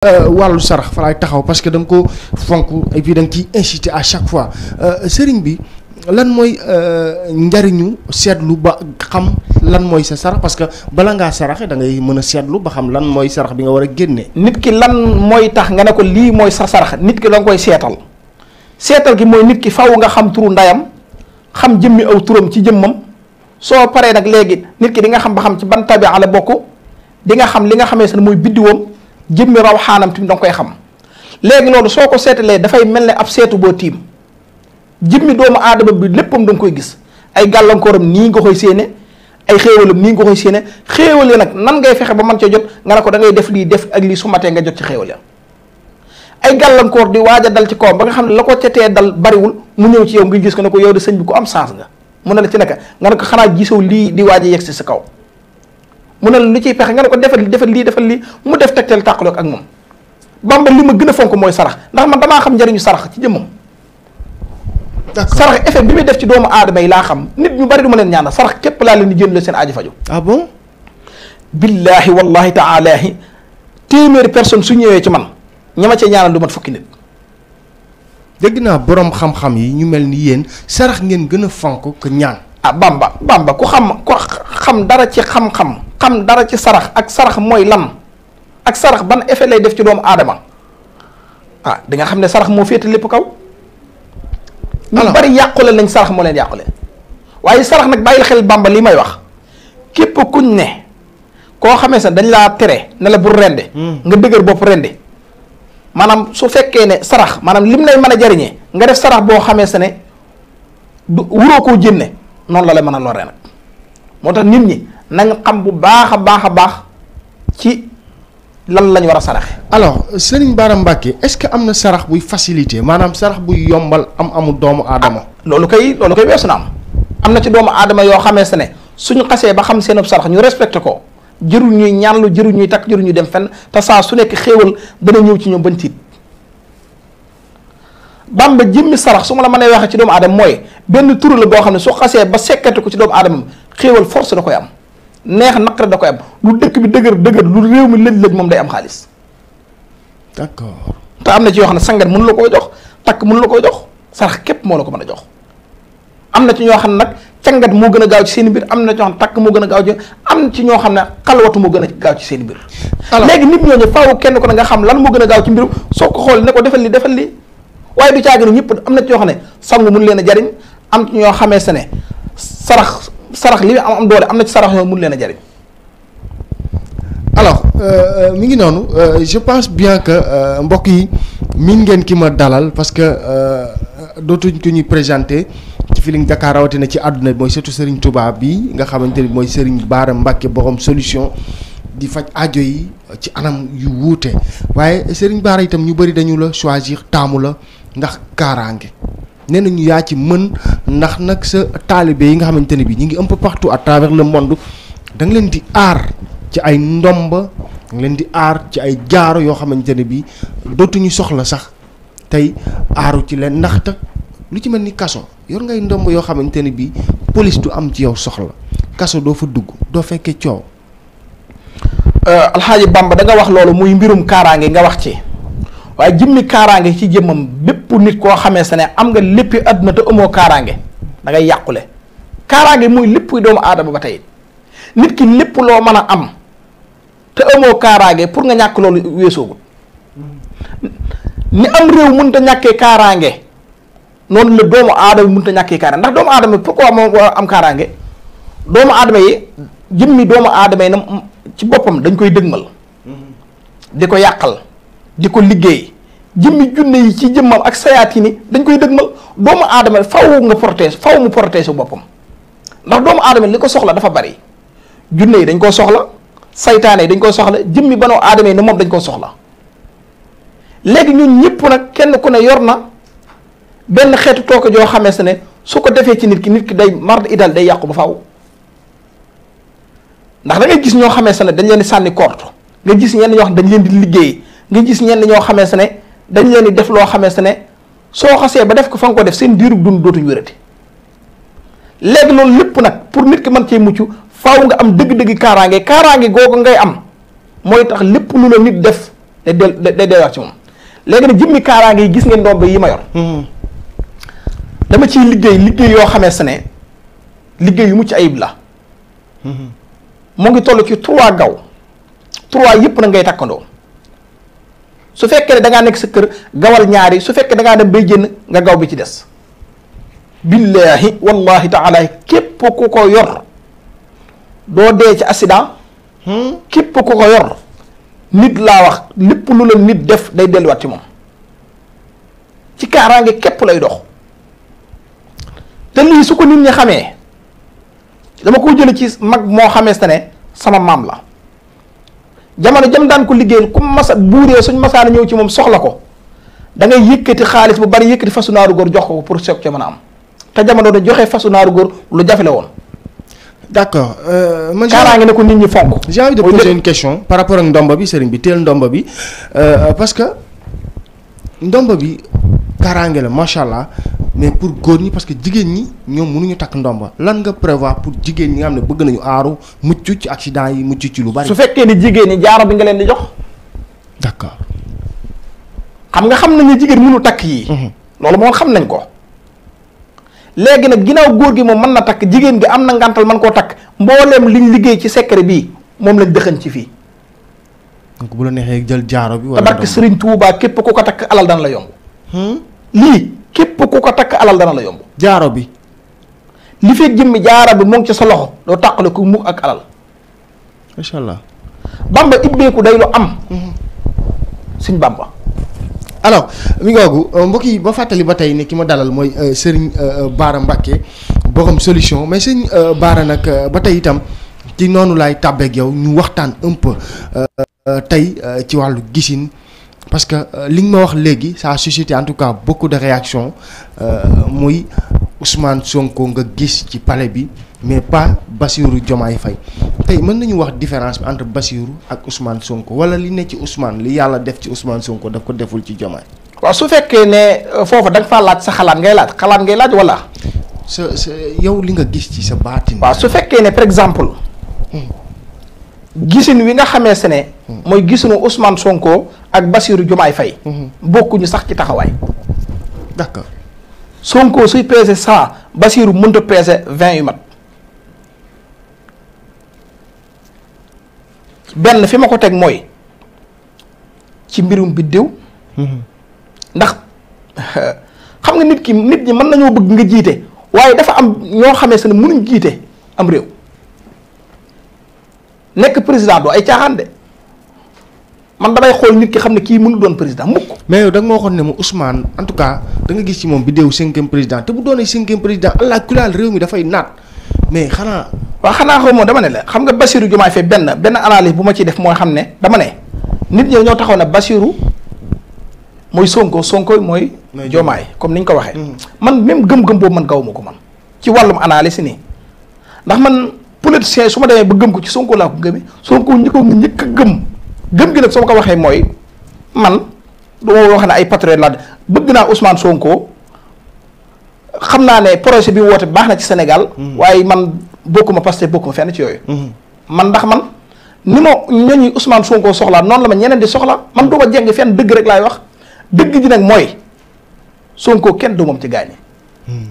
Euh, wàllu sarax fa laay taxaw parce que da ko fonk et puis da ciy incité à chaque fois euh, sëriñ bi lan mooy euh, njariñu seetlu ba xam lan mooy sa sarax parce que bala ngaa saraxe da ngay mën a seetlu ba xam lan mooy sarax bi nga war a génne. nit ki lan mooy tax nga ne ko lii mooy sa sarax nit ki da koy seetal seetal gi mooy nit ki faw nga xam turu ndayam xam jëmmi aw turam ci jëmmam soo paree nag léegi nit ki di nga xam ba xam ci ban tabia la bokk di nga xam li nga xamee sax mooy biddiwam. jëmmi raw xaanam tamit da koy xam léegi loolu soo ko seetalee dafay mel ne ab seetu boo tiim jëmmi doomu aadama bi léppam da koy gis ay gàllankooram nii nga koy séene ay xéewalam nii nga koy séene xéewal ya nag nan ngay fexe ba man ca jot nga ne ko da def lii def ak lii su matee nga jot ci xéewal ya ay gàllankoor di waaja dal ci kawam ba nga xam ne la ko ca dal bariwul mu ñëw ci yow nga gis ko ne ko yow de sëñ bi ko am chance nga mu na la ci naka nga ne ko xanaa gisoo di waaj a yegg si sa kaw mu ne la lu ciy pexe nga ne ko defal defal lii defal lii mu def tegtal tàqaloog ak moom bamba li ma gën a fonk mooy sarax ndax man damaa xam njëriñu sarax ci jëmmam sarax effet bi muy def ci doomu aadama yi laa xam nit ñu bari du ma leen ñaanal sarax képp laa leen di jënd seen aaji faju ah bon billaahi wallahi taalaahi téeméeri personne su ñëwee ci man ña ma cee ñaanal du mat fukki nit dégg naa borom xam-xam yi ñu mel ni yéen sarax ngeen gën a fonk ko ñaan ah bamba bamba ku xam ku xam dara ci xam xam dara ci sarax ak sarax mooy lan ak sarax ban effet lay def ci doomu aadama ah di nga xam ne sarax moo féete lépp kaw. ñu bari yàqule nañ sarax moo leen yàqule waaye sarax nag bàyyil xel bàmba li may wax képp kuñ ne koo xamee ne dañ laa tere ne la bul rende hmm. nga dëgër bopp rende maanaam su fekkee ne sarax maanaam lim lay mën a jariñee nga def sarax boo xamee sa ne du wuroo koo jënne noonu la lay mën a loree nag moo tax nit ñi nañ xam bu baax a baax a baax ci lan lañ war a saraxe alors Serigne Bara Mbacké est-ce que am na sarax buy facilité maanaam sarax buy yombal am amul doomu aadama ah, loolu kay loolu koy weesu na am am na ci doomu aadama yoo xamee se ne suñu xasee ba xam seenub sarax ñu respecté ko jërul ñuy ñaanlu jërul ñuy takk jërul ñuy dem fenn te saa su nekk xéewal dana ñëw ci ñoom ban tiit bamba jëmmi sarax su ma la mënee waxee ci doomu aadama mooy benn tur boo xam ne su xasee ba sekkati ko ci doomu aadamam xéewal force da koy am neex naqare da koy am lu dëkk bi dëgër dëgër lu réew mi lëj-lëj moom day am xaalis. d'accord te am na ci yoo ne sangat mënu la koo jox takk mënu la koo jox sarax képp moo la ko mën a jox. am na ci ñoo xam ne nag cangat moo gën a gaaw ci seen biir am na ci takk moo gën a gaaw ci am ci ñoo xam ne xalwatu moo gën a gaaw ci seen biir. alors léegi nit ñooñu faaw kenn ko ne nga xam lan moo gën a gaaw ci mbirum soo xool ne ko defal li defal waaye du caagin ñëpp am na ci ñoo xam ne sangu mun leen a jariñ am ci ñoo xamee sa ne sarax sarax li am am doole am na ci sarax yoo mun leen a jariñ alors euh, euh, mi ngi noonu euh, je pense bien que mbokk yi miin ngeen ki ma dalal parce que dootuñ ko ñuy présenté ci Feeling Dakar rawatina ci àdduna bi mooy surtout Serigne Touba bi nga xamante ni mooy Serigne Bara Mbacké borom solution di faj ajo yi ci anam yu wuute waaye Serigne Bara itam ñu bëri dañu la choisir taamu la ndax kaaraange nee nañu yaa ci mën ndax nag sa taalibe yi nga xamante ne bi ñu ngi un peu partout à le monde da nga leen di aar ci ay ndomba da leen di aar ci ay jaaro yoo xamante ne bi dootuñu soxla sax tey aaru ci leen ndaxte lu ci mel ni kaso yor ngay ndomb yoo xamante ne bi police du am ci yow soxla kaso doo fa dugg doo fekkee coow euh, alxaaji Bamba da nga wax loolu muy mbirum kaaraange nga wax ci waaye jëmmi kaaraange ci jëmmam bépp nit koo xamee sa ne am nga léppi àdduna te amoo kaaraange da ngay yàqule kaaraange muy lépp doomu aadama ba tey nit ki lépp loo mën a am te amoo kaaraange pour nga ñàkk loolu weesoogul ni am réew mënut a ñàkkee kaaraange noonu la doomu aadama mënut a ñàkkee kaaraange doomu aadama pourquoi moo am kaaraange doomu aadama yi jëmmi doomu aadama yi na ci boppam dañ koy dëgmal mm-hmm. di ko yàqal. di ko liggéey jëmmi junne yi ci jëmmam ak sayaat yi ni dañ koy dëgmal doomu aadama faw nga protéger faw mu protéger boppam ndax doomu aadama li ko soxla dafa bari junne yi dañ koo soxla saytaane yi dañ koo soxla jëmmi banoo aadama yi ne moom dañ koo soxla léegi ñun ñëpp nag kenn ku ne yor na benn xeetu tooke joo xamee sa ne su ko defee ci nit ki nit ki day mard idal day yàqu ba faw ndax da ngay gis ñoo xamee sa ne dañ leen di sànni kort nga gis ñenn ñoo xam dañ leen di liggéey nga gis ñenn ñoo xamee sa ne dañ leen di def loo xamee sa ne soo xasee ba def ko fa nga ko def seen diirub dund dootuñu wérati léegi loolu lépp nag pour nit ki mën cee mucc faaw nga am dëgg-dëgg kaaraange kaaraange googu ngay am mooy tax lépp lu la nit def day del day delluwaat ci moom léegi nag jëmmi kaaraange yi gis ngeen ndombe yi ma yor. Hmm. dama ciy liggéey liggéey yoo xamee sa ne liggéey yu mucc ayib la. Hmm. mu ngi toll ci trois gaw trois yëpp nag ngay takkandoo. su fekkee ne da ngaa nekk sa kër gawal ñaari su fekkee dangaa ngaa dem bay jën nga gaw bi ci des billaahi wallahi taala képp ku ko yor doo dee ci accident hmm? képp ku ko yor nit laa wax lépp lu la nit def day delluwaat ci moom ci kaaraange képp lay dox te lii su ko nit ñi xamee dama ko jële ci mag moo xamee ne sama maam la jamono jam daan ko liggéeyal ku masa buuree suñ masaana ñëw ci moom soxla ko da ngay yëkkati xaalis bu bari yëkkati fasu naaru góor jox ko pour soog ca mën a am te jamono da joxe fasu naaru góor lu jafe la woon. d'accord. Euh, man kaaraange ne ko nit ñi fonk. j'ai envie de poser une question par rapport ak ndomba bi sëriñ bi teel ndomba bi euh, parce que ndomba bi kaaraange la macha allah mais pour góor ñi parce que jigéen ñi ñoom mënuñu takk ndomba lan nga prévoir pour jigéen ñi nga am ne bëgg nañu aaru muccu ci accident yi muccu ci lu bari. su fekkee ni jigéen ñi jaaro bi nga leen di jox. d'accord. xam nga xam nañu jigéen mënu takk yii. Mhm. loolu moom xam nañ ko. léegi nag ginnaaw góor gi moom mën na takk jigéen gi am na ngantal mën koo takk mbooleem liñ liggéey ci secret bii moom lañ dëxan ci fii. donc bu la neexee jël jaaro bi. wala tabarki Sëriñ Tuubaa képp ku ko takk alal daan la yomb. Hmm? képp ku ko takk alal dana la yomb. jaaro bi. li fekk jëmmi jaaro bi mu ca sa loxo loo tàqale ko mukk ak alal. macha allah. bamba ibbeeku day lu am. Mhm. suñ bamba. alors mi ngoogu euh, mbokk yi ba fàttali ba tey ne ki ma dalal mooy euh, sëriñ euh, Baara Mbacke borom solution mais sëriñ Baara nag ba tey itam ci noonu laay tàbbeeg yow ñu waxtaan un tey ci wàllu gisin. parce que euh, li nga ma wax léegi ça a en tout cas beaucoup de réactions euh, muy Ousmane Sonko nga gis ci palais bi mais pas Bassirou Diomaye fay tey mën nañu wax différence bi entre Bassirou ak Ousmane Sonko wala li ne ci Ousmane li yàlla def ci Ousmane Sonko daf ko deful ci Diomaye. waaw su fekkee ne euh, foofu da nga laaj sa xalaat ngay laaj xalaat ngay laaj walla sa sa yow li nga gis ci sa baatin. waaw su fekkee ne par exemple. Hmm. gisin wi nga xamee ne. mooy gisuñu Ousmane Sonko ak Bassirou Diomaye fay mhm. bokkuñu sax ci taxawaay d'accord Sonko suy peese cent Bassirou mënta peese vingt yu mat benn fi ma ko teg mooy ci mbirum biddiw mhm. ndax xam nga nit ki nit ñi mën nañoo bëgg nga jiite waaye dafa am ñoo xamee sa ne mënuñ jiite am réew nekk président doo ay caaxaan de man damay xool nit ki xam ne kii mënu doon président mukk mais yow da nga ma waxoon ne ma Ousmane en tout cas da nga gis ci moom bidéew cinquième président te bu doonee cinquième président allah kulaal réew mi dafay naat mais xanaa. waaw xanaa xaw ma dama ne la xam nga Bassirou Diomaye Faye benn benn analyse bu ma ciy def mooy xam ne dama ne nit ñëw ñoo taxaw na Bassirou mooy Sonko Sonko mooy. jomaay comme ni ñu ko waxee. Mm-hmm. man même gëm-gëm boobu man gaw ma ko man ci wàllum analyse nii ndax man politicien su ma demee ba gëm ko ci Sonko laa ko gëmee Sonko gëm gëm gi nag soo ko waxee mooy man du ma wax ne ay patriote laa bëgg naa Ousmane Sonko xam naa ne projet bi woote baax na ci Sénégal. Mm-hmm. waaye man bokkuma Pastef bokkuma fenn ci yooyu. Mm-hmm. man ndax man ni ma ñooñu usmaan Sonko soxlaa noonu la ma ñeneen di soxla man du ma jeng fenn dëgg rek laay wax dëgg ji nag mooy Sonko kenn du moom ci gaañi. Mm-hmm.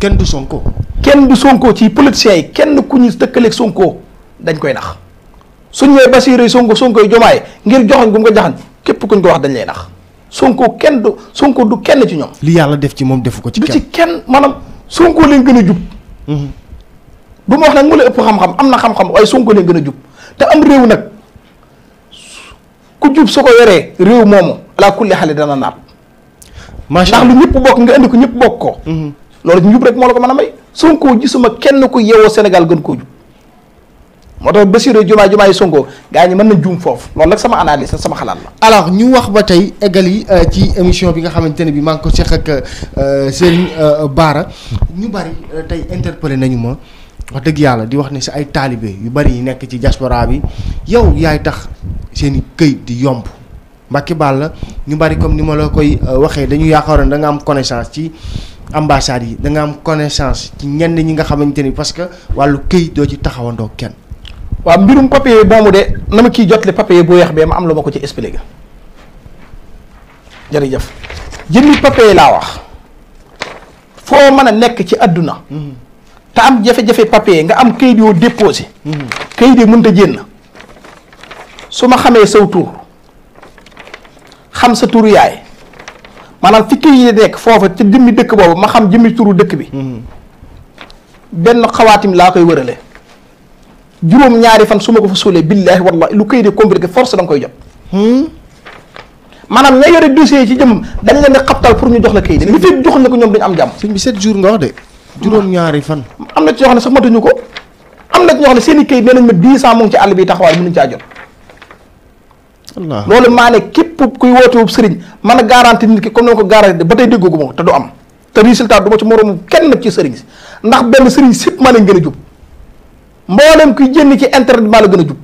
kenn du Sonko. kenn du Sonko ci politiciens yi kenn ku ñu dëkkaleeg Sonko dañ koy nax. suñ nee Basiru Sonko Sonko yi Jomaay ngir joxoñ gum ko jaxañ képp kuñ ko wax dañ lay nax Sonko kenn du Sonko du kenn ci ñoom. li yàlla def ci moom defu ko ci kenn du kenn maanaam Sonko leen gën a jub. Mhm. du ma wax nag mu la ëpp am na xam-xam waaye Sonko gën a jub te am réew nag ku jub su ko yoree réew moomu ala kulli xale dana naat. macha allah ndax lu ñëpp bokk nga indi ko ñëpp bokk ko. Mhm. loolu njub rek moo la ko mën a may Sonko gisuma kenn ku yeewoo Sénégal gën koo jub. moo tax Bassirou jumaa jumaa yi Sonko gaa ñi mën na juum foofu loolu nag sama analyse sama xalaat la. alors ñu wax ba tey eggal yi euh, ci émission bi nga xamante ne bi maa ngi ko seq ak euh, Serigne euh, baara ñu bari tey interpellé nañu ma wax dëgg yàlla di wax ne si ay taalibe yu bari yi nekk ci diaspora bi yow yaay tax seen këyit di yomb Mbàkke baal la ñu bari comme ni ma la koy waxee dañu yaakaaroon danga am connaissance ci. ambassades yi da nga am connaissance ci ñenn ñi nga xamante ni parce que wàllu këyit doo ci taxawandoo kenn. waaw mbirum papier moomu de na ma kii jotle papier bu weex bee ma am la ma ko ci expliqué jërëjëf jëmmi papier laa wax foo mën a nekk ci àdduna mm-hmm. te am jafe-jafe papier nga am kayit yoo déposé mm-hmm. kayit yi mënta jénn su ma xamee saw tur xam sa turu yaay maanaam fi kayit yi nekk foofa ci jëmmi dëkk boobu ma xam jëmmi tur dëkk bi mm-hmm. benn xawaatim laa koy wërale juróom ñaari fan su ma ko fa suulee billaahi wallahi lu kayit di compliqué force da nga koy jot hmm? maanaam ña yore dañ leen di xabtal pour ñu jox la kayit li fi jox na ko ñoom duñu am jàmm sëñ bi sept jours nga wax de juróom ci ne sax matuñu ko am na ci ñoo seen i kayit nee nañ ma dix ans mu ngi ci àll bi taxawaay mënuñu caa jot waaw loolu maa ne képp kuy wootewu sëriñ man a garanti nit ki comme na ko garanti ba tey déggu ma ko te du am te résultat du ma ci moroom kenn nag ci sëriñ si ndax benn sëriñ sëpp maa leen gën a jub mboolem kuy jënd ci internet maa la gën a jub.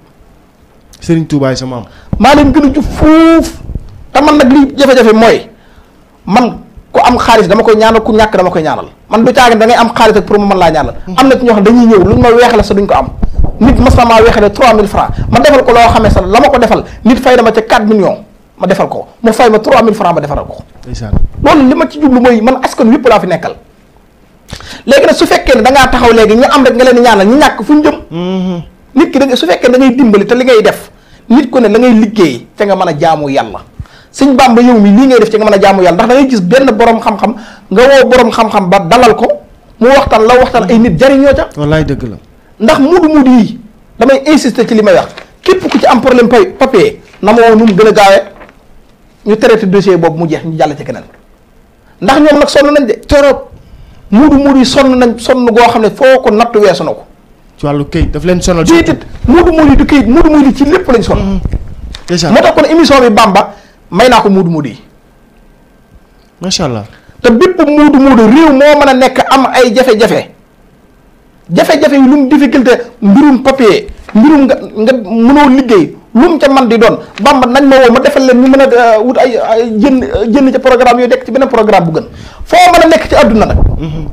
Serigne Touba yi sama am. maa leen gën a jub fuuf te man nag li jafe-jafe mooy man ku am xaalis dama koy ñaanal ku ñàkk dama koy ñaanal man du caagin da ngay am xaalis laa ñaanal. Hmm. am na ci dañuy ñëw luñ ma weexale sa duñ ko am. nit mas na maa weexale 3000 francs ma defal ko loo xamee sa la ma ko defal nit fay dama ca 4 millions ma defal ko mu fay ma 3000 francs ma defaral ko. loolu li ma ci jublu mooy man askan wépp laa fi nekkal. léegi nag su fekkee ne da taxaw léegi ñu am rek nga leen di ñaanal ñu ñàkk fu ñu jëm. Mm-hmm. nit ki da su fekkee da ngay dimbali te li ngay def nit ku ne la ngay liggéey te nga mën a jaamu yàlla sëñ Bàmba yow mi lii ngay def ci nga man a jaamu yàlla ndax da ngay gis benn borom xam-xam nga woo borom xam ba dalal ko mu waxtaan la waxtaan ay nit jariñoo ca. wallaay dëgg la ndax mudu mudu yi damay insister ci li may wax képp ku ci am problème pay papier na ma woo nu mu gën a gaawee ñu traité dossier boobu mu jeex ñu jàll ci keneen ndax muudu muudu yi sonn nañ sonn goo xam ne foo ko natt weesu na ko. ci wàllu këyit daf leen sonal. déedéet muudu muudu yi du këyit muudu muudu yi ci lépp lañ sonn. Mm-hmm. déjà moo tax kon émission bi Bamba may naa ko muudu muudu yi. macha allah te bépp muudu muudu réew moo mën a nekk am ay jafe-jafe jafe-jafe yi lu mu difficulté mbirum papier mbirum nga nga mënoo liggéey lu mu ca man di doon bamba nañ ma woo ma defal leen ñu mën a euh, wut ay jën jën ca programme yooyu nekk ci beneen programme bu gën foo mën a nekk ci àdduna nag mm-hmm.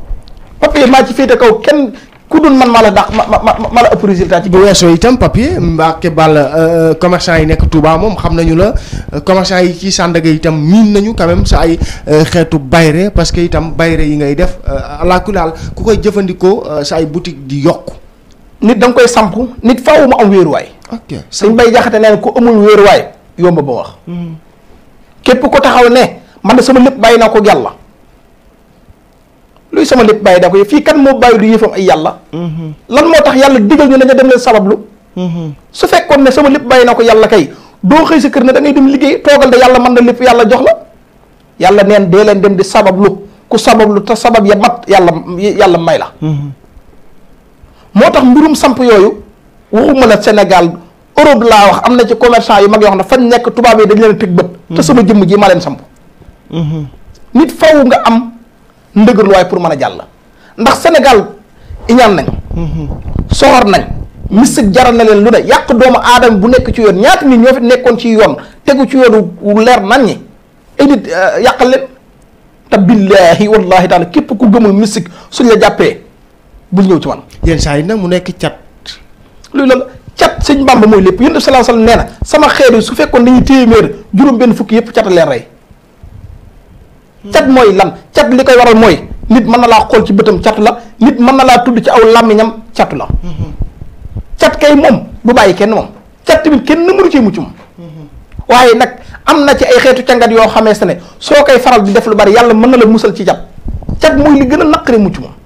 papier maa ci féete kaw kenn ku dul man maa la dàq ma ma ma la ëpp résultat ci bu weesoo itam papier Mbacke Ball euh, euh, commerçant yi nekk Touba moom xam nañu la commerçant yi ci Sandaga itam miin nañu quand sa ay xeetu bayre parce que itam bayre yi ngay def àlakulaal ku koy jëfandikoo sa ay boutique di yokk nit da koy samp nit faaw mu am wéeruwaay. ok Bay Jaxate nee na ku amul wéeruwaay yomb ba wax. Hmm. képp ko taxaw ne man na sama lépp bàyyi naa ko yàlla luy sama lépp bàyyi daa ko fii moo bàyyi du yëfam ay yàlla. Hmm. lan moo tax yàlla digal ñu nga dem leen sabablu. Hmm. su fekkoon ne sama lépp bàyyi naa ko yàlla kay doo xëy sa kër na da dem liggéey toogal de yàlla mën na lépp yàlla jox la yàlla neen dee leen dem di sabablu ku sabablu te sabab ya mat yàlla yàlla may la. moo tax mbirum samp yooyu waxuma la Sénégal Europe laa wax am na ci commerçant yu mag yoo xam ne fañ nekk tubaab yi dañ leen teg bët. te mhm. sama jëmm ji maa leen samp. Mhm. nit faw nga am ndëgërluwaay pour mën a jàll. ndax Sénégal iñaan nañ. Mhm. soxor nañ. mystique jaral na leen lu ne yàq doomu aadama bu nekk ci yoon ñaata nit ñoo fi nekkoon ci yoon tegu ci wu leer nañ ñi ay nit euh, yàqal leen te billaahi wallaahi taala képp ku gëmul mystique suñ la jàppee. bul ñëw ci man. yenn saa yi nag mu nekk cat. loolu la cat sëñ Bamba mooy lépp yéen daf salaa nee na sama xeet su fekkoon dañuy téeméer juróom benn fukki yëpp cat leen rey. cat mooy lan cat li koy waral mooy nit mën na laa xool ci bëtam catu la nit mën na laa tudd ci aw làmmiñam catu la. cat kay moom du bàyyi kenn moom cat tamit kenn mënu ci mucc moom. waaye nag am na ci ay xeetu cangat yoo xamee ne soo koy faral di def lu bari yàlla mën na la musal ci jàpp cat mooy li gën a naqari mucc moom.